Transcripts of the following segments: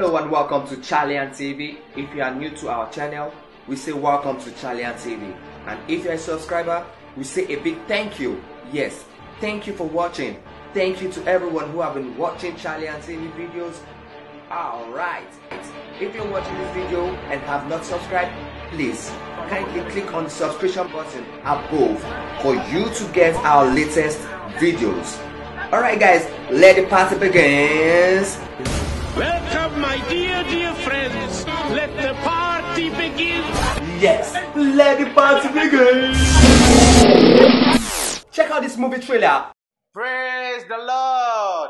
Hello and welcome to Charlian TV. If you are new to our channel, we say welcome to Charlian TV. And if you're a subscriber, we say a big thank you. Yes, thank you for watching. Thank you to everyone who have been watching Charlian TV videos. Alright, if you're watching this video and have not subscribed, please kindly click on the subscription button above for you to get our latest videos. Alright guys, let the party begins. Welcome, my dear, dear friends. Let the party begin. Yes, let the party begin. Check out this movie trailer. Praise the Lord.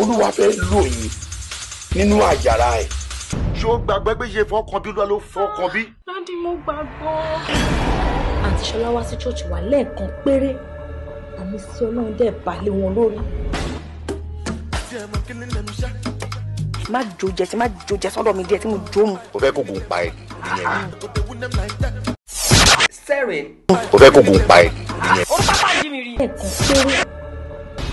Olúwa fẹ́ lò yín nínú àjàrà ẹ̀. Ṣé o gbàgbé pé ṣe fọkàn bí lọ́la ló fọkàn bí? Dádì mo gbàgbọ́ àǹtí ṣọlá wá sí ṣọ́ọ̀ṣì wa lẹ́ẹ̀kan péré àmì sí ọlọ́run dẹ̀ balẹ̀ wọn lórí. má jó jẹ tí má jó jẹ sọ́dọ̀ mi díẹ̀ tí mo jó mu. o fẹ́ kókò pa ẹ̀ nìyẹn ni. sẹ́rìn. o fẹ́ kókò pa ẹ̀ nìyẹn. ó pápá yìí mi rí. lẹ́ẹ̀kan péré.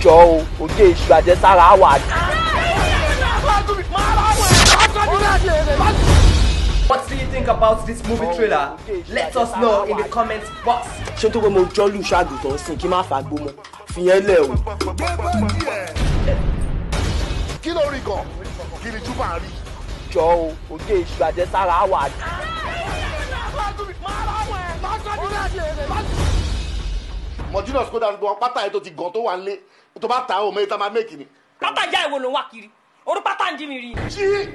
jọ o ojú èṣù àjẹsára wà. máa ra wọn ẹ̀ máa tọ́jú náà think about this movie oh, trailer? Let us know in the comments box. Ṣé tó pé mo jọ́lù ṣáàdù sí kí n má fàgbó mọ́? Fìyẹn lẹ̀ o. Kí ló rí gan? Kí ni Júbà rí? Jọ o, òde èṣù àjẹsára wà. Mọ̀júnà Skoda ń gbọ́n pátá ẹ̀ ti gàn tó wà lé tó bá ta ọmọ yìí máa mẹ́kì ni. pátá ìjà ìwo ló ń wá kiri orí pátá ń jí mi rí. jí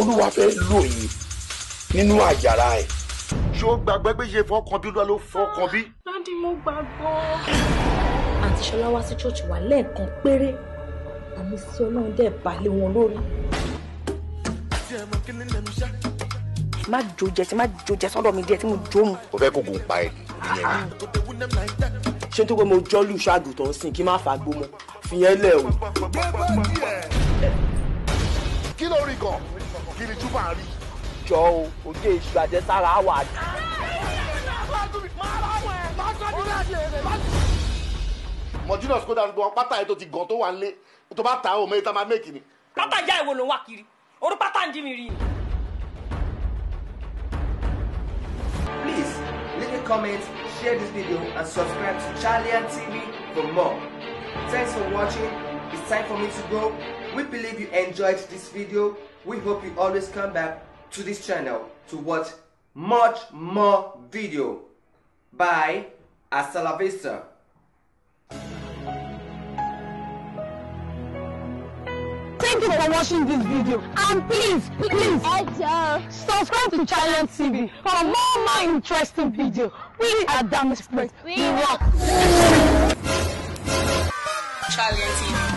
olúwa fẹ́ lò yìí nínú àjàrà ẹ̀. ṣé o pé ṣe fọkàn bí lọ́ọ́ ló fọkàn bí. dádì mo gbàgbọ́. àǹtí ṣọlá wá sí ṣọ́ọ̀ṣì wa lẹ́ẹ̀kan péré àmì sí ọlọ́run dẹ̀ balẹ̀ wọn lórí. má jó jẹ tí má jó jẹ sọ́dọ̀ mi díẹ̀ tí mo jó mu. o fẹ́ kó gùn pa ẹ̀ ah, ah. ṣé n tó pé mo jọ́lù ṣáàdù tó ń sìn kí má fàgbó mọ́ fìyẹn lẹ̀ o. kí ló rí gan-an kí ni túbà rí. jọ o ojú èṣù àjẹsára wà. mọ̀júnà skoda gbọ́n pátá yìí tó ti gàn tó wà lé tó bá ta òun mẹ́ta máa mẹ́kì ni. pátá ìyá ìwo ló ń wá kiri orí pátá ń dí mi rí ni. Please leave a comment, share this video and subscribe to Charlie and TV for more. Thanks for watching. It's time for me to go. We believe you enjoyed this video. We hope you always come back to this channel to watch much more video. Bye. Hasta la vista. Thank you for watching this video and please, please subscribe to Challenge TV for more more interesting video. We are damn desperate. We rock. Challenge TV.